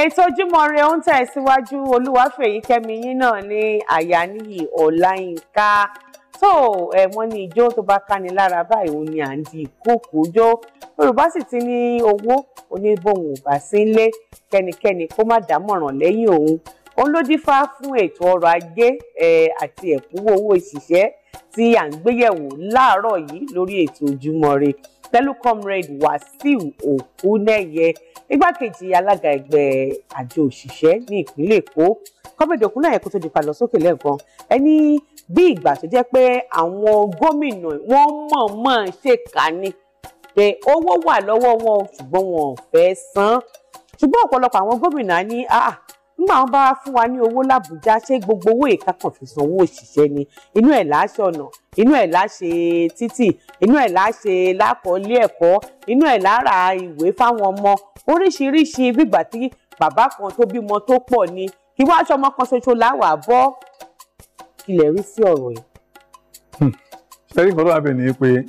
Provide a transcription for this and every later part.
ètò ojúmọ́ rẹ ó ń tẹ̀ síwájú olúwàfẹ̀yìkẹ́mi yín náà ní àyáníyì ọláyínká tó ẹ̀wọ́n ní ìjó tó bá káni lára báyìí òun ni à ń di ìkókò jó yorùbá sì ti ní owó oníbòhùn ò bá sí nílé kẹ́nikẹ́ni kó má dámọ̀ràn lẹ́yìn òun òun ló dífá fún ètò ọrọ̀ ajé àti ẹ̀kúnwó owó ìṣiṣẹ́ tí à ń gbéyẹ̀wò láàárọ̀ yìí lórí ètò ojúmọ́ rẹ pẹ̀lú comrade wasiu okunẹyẹ igbákejì alága ẹgbẹ́ àjọ òṣìṣẹ́ ní ìpínlẹ̀ èkó comrade okunẹyẹ kó tó di palọ sókè lẹ́ẹ̀kan ẹni bí ìgbà tó jẹ́ pé àwọn gómìnà wọ́n mọ̀ọ́mọ̀ ṣèkà ni pé owó wà lọ́wọ́ wọn ṣùgbọ́n wọn ò fẹ́ san ṣùgbọ́n ọ̀pọ̀lọpọ̀ àwọn gómìnà ní nígbà wọn bá fún wa ní owó làbújá ṣé gbogbo owó ìka kan fi sanwó òṣìṣẹ́ ni inú ẹ̀ láṣẹ ọ̀nà inú ẹ̀ láṣẹ títì inú ẹ̀ láṣẹ lákọ̀ọ́lé ẹ̀kọ́ inú ẹ̀ lára ìwé fáwọn ọmọ oríṣiríṣi bígbà tí bàbá kan tó bímọ tó pọ̀ ni kí wá aṣọ ọmọ kan ṣoṣo láwàá bọ́ ilẹ̀ rí sí ọ̀rọ̀ yìí. Hmm. ṣẹ́rí nǹkan tó wà bẹ̀ ni pé ẹ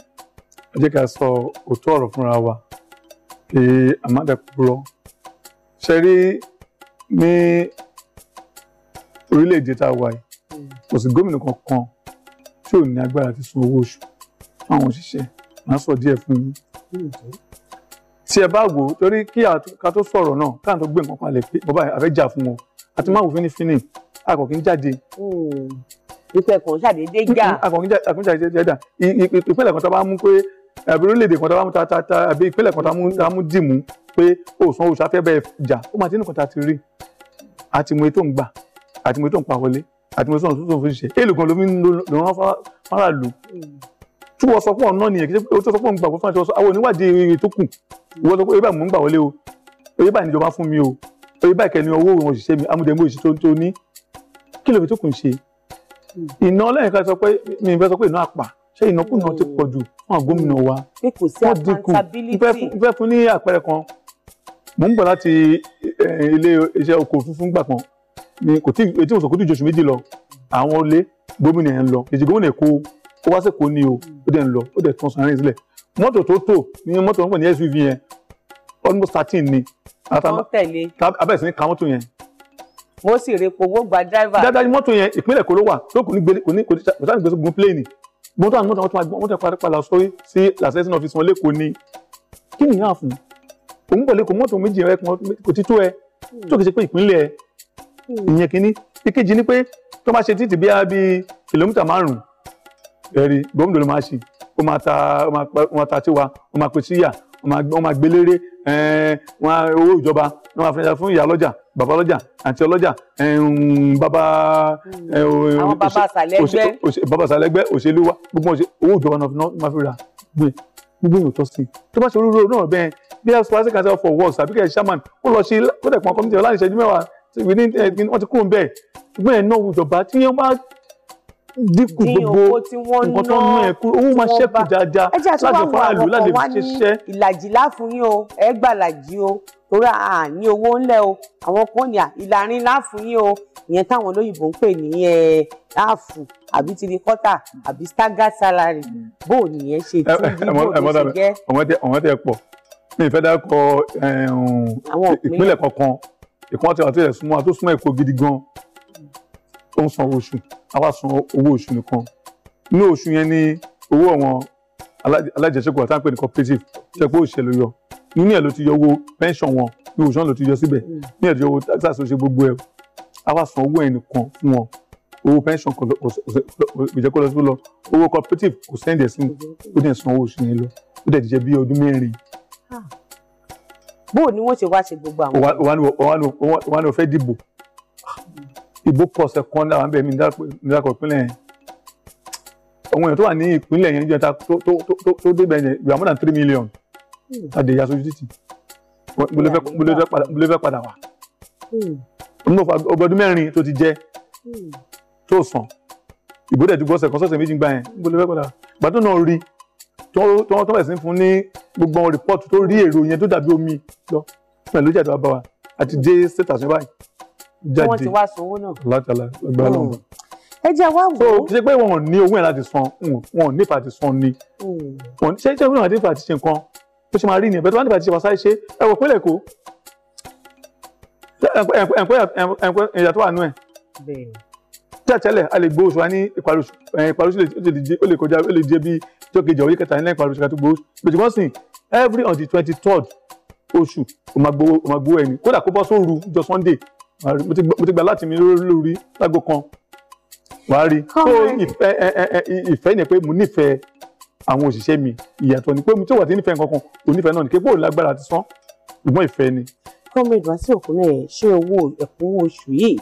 jẹ́ ká sọ òótọ́ ọ̀rọ̀ fúnra wa kí a ní orílẹ̀-èdè tá a wà yìí kò sí gómìnà kankan tí ò ní agbára ti san owó oṣù fún àwọn òṣìṣẹ́ màá sọ díẹ̀ fún yín tí ẹ bá wò ó torí kí ká tó sọ̀rọ̀ náà káà tó gbé nǹkan kalẹ̀ pé bàbá àfẹ́jà fún wọn àti máa wò fínífíní akọ̀kí ń jáde hmm. ìpẹ kan ṣàdédé jà. àkànjá ìṣẹ̀jẹ̀ dà ìpínlẹ̀ kan tá a bá mú pé àbí orílẹ̀-èdè kan tá a bá mú ta ta ta àbí ìpínlẹ̀ kan tá a mú dìmú pé òsàn òòṣà fẹ́ bẹ́ẹ̀ jà ó máa ti nìkan tá a ti rí àti mo ètò ń gbà àti mo ètò ń pa wọlé àti mo ètò ń tó fún ṣe èlò kan lómi ló rán fáráàlú tí wọ́n sọ fún ọ̀nà nìyẹn kí ó tó sọ fún òun gbà fún fáráàlú àwọn oníwádìí eré tó kù wọ́n sọ pé ebá mò ń gbà wọlé o ebá ìníjọba fún mi o ebá ìkẹni owó òun òṣìṣẹ́ mi amúdẹ̀mú òṣìṣẹ́ tó ní kí lóbi tó kù ń ṣe iná lẹ́yìn ká sọ pé mi ìfẹ́ sọ pé iná àpà ṣé ìnákùná ti pọ̀ jù fún àgómìnà wa wọ́n dínkù ìfẹ́ fún ní àpẹẹrẹ kan mò ń gbà láti eh, ilé iṣẹ́ oko funfun gbà kan ni kò tí etí òsòkò tí ìjọsùn méjì lọ àwọn olé gómìnà ẹ̀ ń lọ èjì gómìnà èkó ó wá sèkó ni o ó dẹ̀ ń lọ ó dẹ̀ tún sàn rìn sílẹ̀ mọ́tò tó tò ní mọ́tò wọn pè ní SUV yẹn almost thirteen ni abẹ́sẹ̀ ní ka mọ́tò yẹn. mo sì rí owó gba driver. dáadáa ni mọ́tò yẹn ìpínlẹ̀ Èkó ló wà tó kò ní gbé kò ní kò ní gbèsè gun pléènì gbọ́n tó àwọn mọ́tò àwọn tó máa gbọ́n wọ́n tẹ̀ padà sórí sí làṣẹ́sìn ọ́fíìsì wọn lẹ́kọ̀ọ́ ni kí nìyá fún un òun pẹ̀lú kò mọ́tò méjì rẹ kò ti tó ẹ tó kì í ṣe pé ìpínlẹ̀ ìyẹn kínní ìkejì ni pé tó máa ṣe títì bí i kìlómítà márùn-ún ẹ̀rí gómìnà ló máa ṣe ó máa ta ó máa ta tiwa ó máa pe síyà ó máa gbélére owó ìjọba ló máa fẹ́ẹ́ fún ìyá lọ́jà bàbá lọ́jà àti ọlọ́jà bàbá bàbá sàlẹ́gbẹ́ òṣèlú wa gbogbo owó ìjọba náà fi ra gbé gbogbo èèyàn tó sí tó bá ṣe orúurú náà bẹ́ẹ̀ bí ẹ sọ́wọ́sì kan for works àbí kẹ́ ẹ chairman ó lọ sí kó dẹ̀ pọn committee ọ̀la ìṣẹ́jú mẹ́wàá eh, wọ́n ti kúrò bẹ́ẹ̀ ṣùgbọ́n ẹ̀ náà ìjọba tí wọ́n bá dínkù gbogbo nǹkan tó ń ná ẹ̀ kúrò owó máa ṣẹ́kù dáadáa láti fáàlù láti fi ṣiṣẹ́. ìlàjì láfún yín o ẹ gbàlàjì o torí à ní owó ńlẹ̀ o àwọn kan ní ìlàrin láfún yín o ìyẹn táwọn olóyìnbó ń pè ní áàfù àbí tirikọ́tà àbí stagger salary mm. bó o nìyẹn ṣe tún bí bó o ṣe jẹ́. ọmọ tẹ pọ mi ìfẹ́ dákọ ìpínlẹ̀ kankan ìpínlẹ̀ tí wọ́n ti rẹ̀ súnmọ́ àti súnmọ́ Èkó gidi gan tó ń san owó oṣù àwa san owó oṣù nìkan ní oṣù yẹn ní owó àwọn alájẹsẹ́kù àti àpẹẹrẹ cooperative ṣe pé òṣìṣẹ́ ló yọ nínú ẹ̀ ló ti yọ owó pension wọn ní oṣù náà ló ti yọ síbẹ̀ mm. ní ẹ̀ ló ti yọ owó taxes ló ṣe gbogbo ẹ̀ àwa san owó ẹ̀ nìkan fún wọn owó pension kò jẹ́ kó lọ sí lọ owó cooperative kò sẹ́ndẹ̀ sí mm-hmm. ó dẹ̀ san owó oṣù yẹn lọ ó dẹ̀ ti jẹ́ bí ọdún mẹ́rin bó ni wọ́n ṣe wá ṣe gbogbo àwọn. wọ́n ní o fẹ́ dìbò ìbò pọ̀ ọ̀sẹ̀ kan dára ń bẹ̀ mí dákọ̀ ìpínlẹ̀ yẹn àwọn èèyàn tó wà ní ìpínlẹ̀ yẹn níjọta tó débẹ̀ yẹn we are more than three million hmm. tàdé ìyá sojú títì mo lè fẹ́ padà wá hmm. ọgbọ̀dún mẹ́rin tó ti jẹ́ hmm. tó sàn ìbò dẹ̀ ti gbọ́ ọ̀sẹ̀ kan sọ̀sẹ̀ méjì gbà yẹn mo lè fẹ́ padà wá gbàdúrà náà rí tó bẹ̀ sí fún ní gbogbo àwọn rìpọ́ọ̀tù tó rí èrò yẹn tó dàbí omi lọ pẹ̀lú ìjàdá bá wa àti dé state àṣẹ báyìí jáde wọ́n ti wá sanwó náà látàlá ẹgbẹ́ hmm. ọlọ́run ẹ jẹ́ wá wò ó. kì í ṣe pé wọn ò ní owó yẹn láti san wọn ò nípa àti san ni hmm. wọn ṣe ṣe wọn nípa àti ṣe nǹkan bó ṣe máa rí nìyẹn bẹ́ẹ̀ tó bá nípa àti ṣe pàṣẹ ṣe ẹ wò pínlẹ̀ Èkó ẹ̀ǹpẹ́ ìyà tó wà nú ẹ̀ tí àtẹ́lẹ̀ a lè gbó oṣù wa ní ìparí oṣù lè kọjá ó lè jẹ́ bíi jọ́kejì ọ̀wé kẹta ẹ̀lẹ́yìn parí oṣù kàtó gbowó gbèjìmọ́ sìn every on the twenty third oṣù o máa gbowó o máa gbowó ẹni kódà kó bọ́ sóru jọ sunday mo ti gbà láti mi lórí lágbo kan wàá rí so ìfẹ́ ìfẹ́ ni pé mo nífẹ̀ẹ́ àwọn òṣìṣẹ́ mi ìyàtọ̀ ni pé mo tí wà tí nífẹ̀ẹ́ kankan onífẹ̀ẹ́ náà ni képo lágbára ti san ìgbọ́n ìfẹ́ ni. comrade Wasiu Okuneye ṣé owó ẹ̀kúnwó oṣù yìí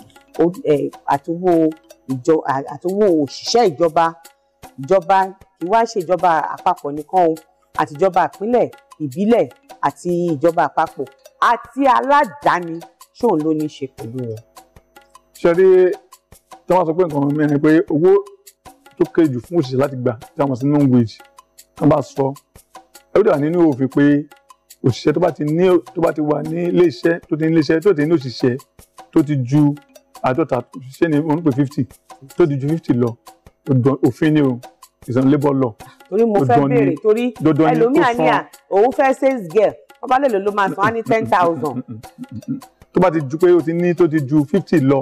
àtúwò òṣìṣẹ́ ìjọba ìjọba kì í wá ṣèjọba àpapọ̀ nìkan o àtijọba ìpínlẹ̀ ìbílẹ̀ àti ìjọba àpapọ̀ àti aládàáni ṣóun ló ní í ṣe pẹ̀lú wọn. ṣe rí tí wọ́n sọ pé nǹkan mẹ́rin pé owó tó kéré jù fún òṣìṣẹ́ láti gbà tí wọ́n mọ̀ sí minimum wage tí wọ́n bá sọ ẹ̀rọdà nínú òfin pé òṣìṣẹ́ tó bá ti ní tó bá ti wà ní iléeṣẹ́ tó ti ní iléeṣẹ́ tó ti ní òṣìṣẹ́ tó ti ju àádọ́ta òṣìṣẹ́ ni wọ́n fifty tó ti ju fifty lọ òfin ni o is on labour law. torí mo fẹ́ béèrè torí ẹlòmíà ni à òun fẹ́ sales girl wọ́n bá lè lò ló máa san á ní ten thousand. tó bá ti ju pé o ti ní tó ti ju fifty lọ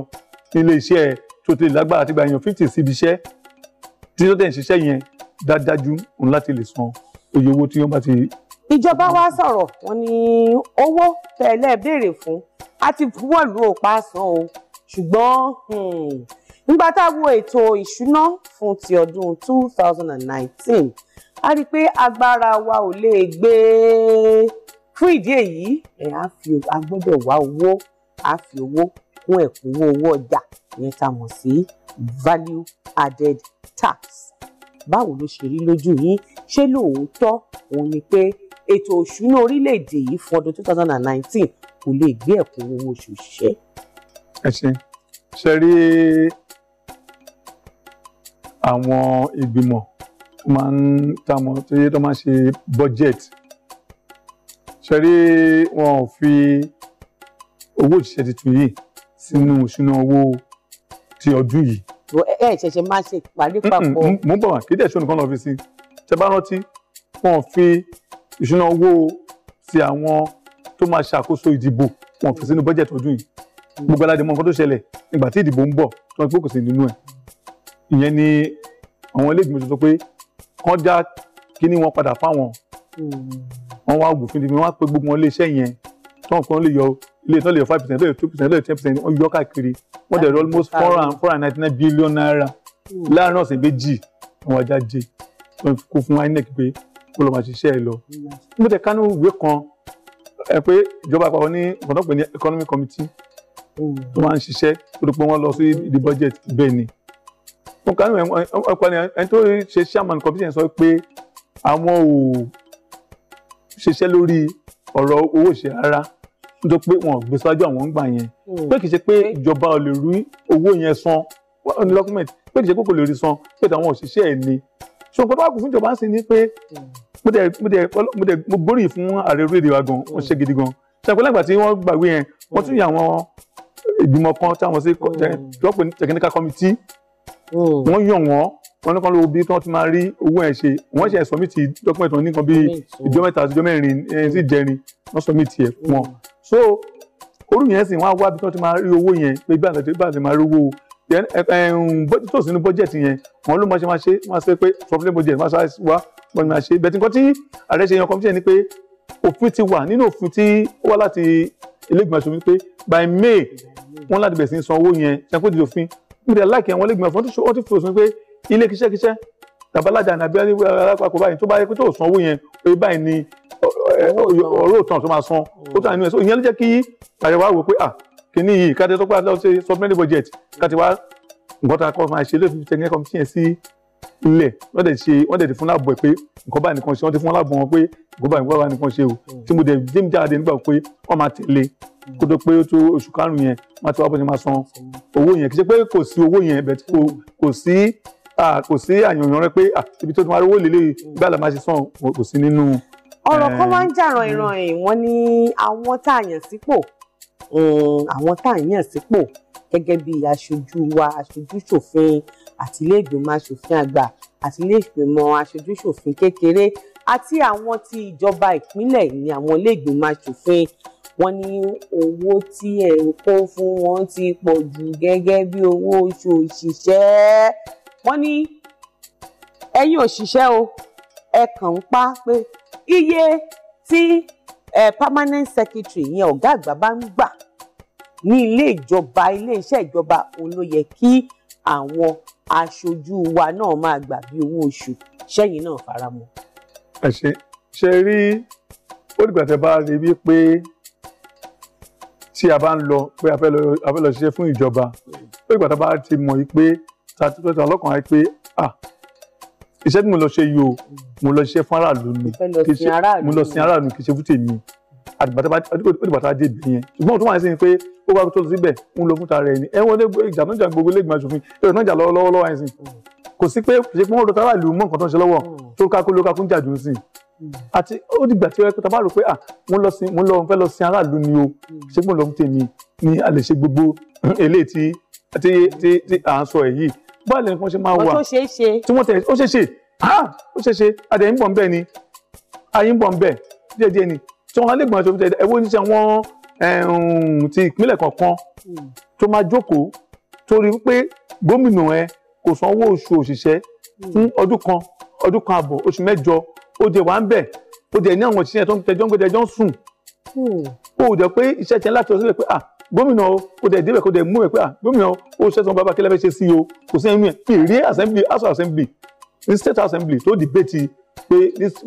nílé iṣẹ́ tó ti lágbára ti gba èèyàn fifty síbi iṣẹ́ tí tó tẹ̀ ń ṣiṣẹ́ yẹn dájú òun láti lè san oye owó tí wọ́n bá ti. ìjọba wa sọ̀rọ̀ wọn ni owó tẹ̀lé béèrè fún a ti wọ́n lu òpá san o ṣùgbọ́n hmm, nígbà tá a wo ètò ìṣúná fún ti ọdún 2019 a rí i pé agbára wa ò lè gbé fún ìdí èyí ẹ̀ á fi a gbọ́dọ̀ wá owó á fi owó kún ẹ̀kúnwó owó ọjà ìyẹn tá a mọ̀ sí value added tax báwo ló ṣe rí lójú yín ṣé lóòótọ́ òun ni pé ètò òṣùnà orílẹ̀-èdè yìí fún ọdún 2019 kò lè gbé ẹ̀kúnwó owó oṣù ṣiṣẹ́. ẹ ṣe ṣe rí àwọn ìgbìmọ̀ tó máa ń tamọ̀ tó yẹ tó máa ń ṣe budget ṣẹ́rí wọn ò fi owó òṣìṣẹ́ tuntun yìí sínú ìṣúná owó ti ọdún yìí. ẹ ẹ ṣẹ̀ṣẹ̀ máa ṣe ìpàdé papọ̀. mo ń bọ̀ wá kí díẹ̀ ṣó nìkan lọ́ọ́ fi sí ṣe bá rántí wọn ò fi ìṣúná owó ti àwọn tó máa ṣàkóso ìdìbò wọn ò fi sínú bọ́jẹ̀tì ọdún yìí gbogbo aládé mọ nǹkan tó ṣẹlẹ̀ nígbà tí ìdìbò ń bọ̀ tí wọ́n gbókòsí nínú ẹ̀ ìyẹn ni àwọn ilé ìgbìmọ̀ sọ pé kán dá kíní wọn padà fáwọn hmm. wọn wá ògùn fúnni wọn á pe gbogbo wọn ilé iṣẹ́ yẹn tán kan lè yọ ilé tán lè yọ five percent lè yọ two percent lè yọ ten percent wọn yọ káàkiri wọn dẹ̀ rọ almost four and four and ninety nine billion naira hmm. láàárín ọ̀sẹ̀ méjì àwọn ajá jẹ kó fún INEC pé kó lọ́ọ́ máa ṣiṣẹ́ ẹ lọ. Hmm. mo tẹ̀ kánú ìwé kan ẹ pé ìjọba àpapọ̀ ní ọ̀dọ́ pè economic committee tó máa ń ṣiṣẹ́ tó dé pé lọ sí the budget bẹ́ẹ̀ ni mo kà ní ẹ̀kọ́ ni ẹni tó ṣe chairman commission sọ pé àwọn ò ṣiṣẹ́ lórí ọ̀rọ̀ owó ìṣe rárá nítorí pé wọn ò gbé síwájú àwọn ń gbà yẹn hmm. pé kì í ṣe pé ìjọba ò lè rí owó yẹn san ní document pé kì í ṣe pé kò lè rí san pé àwọn òṣìṣẹ́ ẹ̀ ni ṣùgbọ́n pé bá kù fún ìjọba ń sìn ní pé mo dẹ̀ mo dẹ̀ mo dẹ̀ mo gbóríyìn fún ààrẹ orílẹ̀-èdè wa gan wọ́n ṣe gidi gan ṣàpẹ́ lágbà tí wọ́n gbàgbé yẹn wọ́n tún yà àwọn ìgbìmọ̀ kan táwọn sí hmm. technical committee Hmm. wọ́n yàn wọ́n wọ́n ní kan lówó bí wọ́n ti máa rí owó ẹ̀ ṣe wọ́n ṣe sọ́mìtì document wọn nìkan bíi hmm. ìjọ mẹ́ta ìjọ mẹ́rin ẹ̀yìn sì jẹrin wọ́n sọ́mìtì ẹ̀ fún wọn. Hmm. so orú yẹn sì wọ́n á wá bí wọ́n ti máa rí owó yẹn pé bí àtẹ̀tẹ̀ bí àtẹ̀tẹ̀ máa rí owó um, bọ́jẹ̀ tó sínú bọ́jẹ̀ ti yẹn wọ́n ló máa ṣe máa ṣe máa ṣe pé sọ́fúnlẹ̀ bọ́jẹ̀ máa ṣe wá wọ́n máa ṣe bẹ̀tí nǹkan tí ààrẹ ṣe yan kọ́míṣẹ́ ni pé òfin ti wà nínú òfin tí ó wá láti ilé ìgbìmọ̀ aṣòfin pé by May wọ́n láti bẹ̀rẹ̀ sí san owó yẹn ṣe kó di òfin ìdè láìkí àwọn ẹlẹgbẹmọ fún ọ ti fòsùn pé ilé kíṣẹ́kíṣẹ́ tàbálájà nàbí alápapọ̀ báyìí tó bá yẹ pé tó sanwó yẹn oye báyìí ni ọ̀rọ̀ òtàn tó máa san ó tàn nínú ẹ̀ ìyẹn ló jẹ́ kí àyẹ̀wò àwò pé à kíní yìí kájẹ́ tó pé ṣe supplementary budget káti wá nǹkan tá a kọ́ máa ṣe lófin tẹ̀yìn kọ́míṣẹ́ sí ilẹ̀ wọ́n dẹ̀ ṣe wọ́n dẹ̀ ti fún láàbọ̀ ẹ̀ pé nǹkan báyìí nìkan ṣe wọ́n ti fún láàbọ̀ wọn pé nǹkan báyìí nǹkan báyìí nìkan ṣe o tí mo dẹ̀ james jáde nígbà pé wọ́n máa tẹ̀lé kó tó pé ó tó oṣù karùn-ún yẹn wọ́n ti wá bó ṣe máa san owó yẹn kì í ṣe pé kò sí owó yẹn bẹ̀ẹ̀ kò sí kò sí àyànyàn rẹ pé ibi tó ti máa rówó lélẹ̀ gbàlà máa ṣe san kò sí nínú. ọ̀rọ̀ kan eh, máa ń jà ràn ẹ̀ wọ́n ní a yàn sípò mm. a yàn sípò gẹ́gẹ́ bí aṣojú wa aṣojú àti ilé ìgbìmọ̀ asòfin àgbà àti ilé ìgbìmọ̀ aṣojúṣòfin kékeré àti àwọn ti ìjọba ìpínlẹ̀ ní àwọn ilé ìgbìmọ̀ asòfin wọ́n ní owó tí ẹ ń kó fún wọn ti pọ̀ jù gẹ́gẹ́ bí owó oṣù òṣìṣẹ́ wọ́n ní ẹ̀yin òṣìṣẹ́ o ẹ kàn ń pa pé iye tí ẹ permanent secretary yẹn ọ̀gá àgbà bá ń gbà ní ilé ìjọba ilé iṣẹ́ ìjọba òun ló yẹ kí àwọn aṣojú wa náà máa gbà bí owó oṣù sẹ́yìn náà faramọ́. ẹ ṣe ṣe rí ó dìgbà tẹ́ bá rí bí pé tí a bá ń lọ pé a fẹ́ lọ a fẹ́ lọ ṣiṣẹ́ fún ìjọba ó dìgbà tẹ́ bá ti mọ̀ yìí pé tàbí tọ́jú ọlọ́kàn á pé ah iṣẹ́ tí mo lọ ṣe yìí o mo lọ ṣiṣẹ́ fún aráàlú ni mo lọ sin aráàlú kì í ṣe fún tèmi àdìgbàtà dé ibi yẹn ṣùgbọ́n òtún wà sí pé ó wá tó síbẹ̀ ń lo fúnta rẹ̀ ni ẹ̀wọ̀n ìjà tó ń jà gbogbo ilégbèmọ̀ aṣòfin èrò náà jà lọ́wọ́ lọ́wọ́ àìsìn kò sí pé ṣe pé wọ́n rọ tára ìlú mọ́ nǹkan tó ń ṣe lọ́wọ́ tó kákó ló kákó ń jà jù ú sí àti ó dìgbà tí ó bá rò pé ah mo lọ sin mo lọ fẹ́ lọ sin aráàlú ni o ṣé mo lọ ń tèmi ni a lè ṣe gbogbo eléyìí tí à ń sọ tí wọ́n lè gbọ́n ṣe fi ẹ̀wọ́ ní sẹ́ wọ́n ti ìpínlẹ̀ kankan tó máa jókòó torí pé gómìnà ẹ kò sanwó oṣù òṣìṣẹ́ fún ọdún kan ọdún kan àbọ̀ oṣù mẹ́jọ ó jẹ wà ń bẹ̀ ó jẹ ní àwọn òṣìṣẹ́ tó ń tẹjọ́ ń gbé ń sùn hmm. ó jẹ pé iṣẹ́ tiẹ̀ láti ọ̀sẹ̀ pé à gómìnà o kò dẹ̀ débẹ̀ kò dẹ̀ mú ẹ̀ pé à gómìnà o ṣẹ́ sọ́n bàbá kílẹ̀ fẹ́ ṣe sí o kò sí ẹnu ẹ̀ pé rí assembly house assembly state assembly tó dìbẹ́tì pé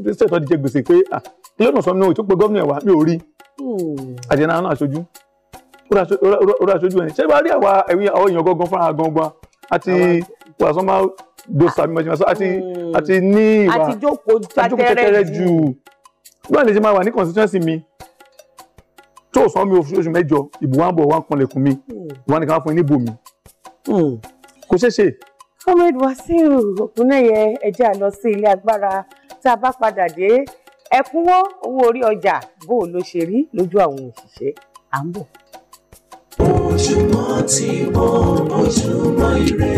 ní state wọn ti jẹ gbèsè pé à lọ́nà sọmi náà ìtúpẹ́ gómìnà wa mi ò rí hmm. àjẹnà náà aṣojú ó rà aṣojú ẹ̀ ṣé wàá rí àwa àwọn èèyàn gangan fúnra gangan àti wà sọ́mà dosa mi mọ̀jìmọ̀ sọ hmm. àti ní ìwà àti jókòó tẹ́tẹ́rẹ́ jù báwo ni ṣe máa wà ní constituency mi tó sọ mi oṣù mẹ́jọ ìbò wa ń bọ̀ wá ń kanlẹ̀kùn mi hmm. wọn ni ká fún yín níbò mi kò ṣeé ṣe. Ahmed Wasiu Oguneye ẹ jẹ́ sí ilé agbára tá a bá padà dé ẹ̀kúnwó owó orí ọjà bó o ló ṣe rí lójú àwọn òṣìṣẹ́ à ń bọ̀. ojúmọ́ ti mọ́ ojúmọ́ ire.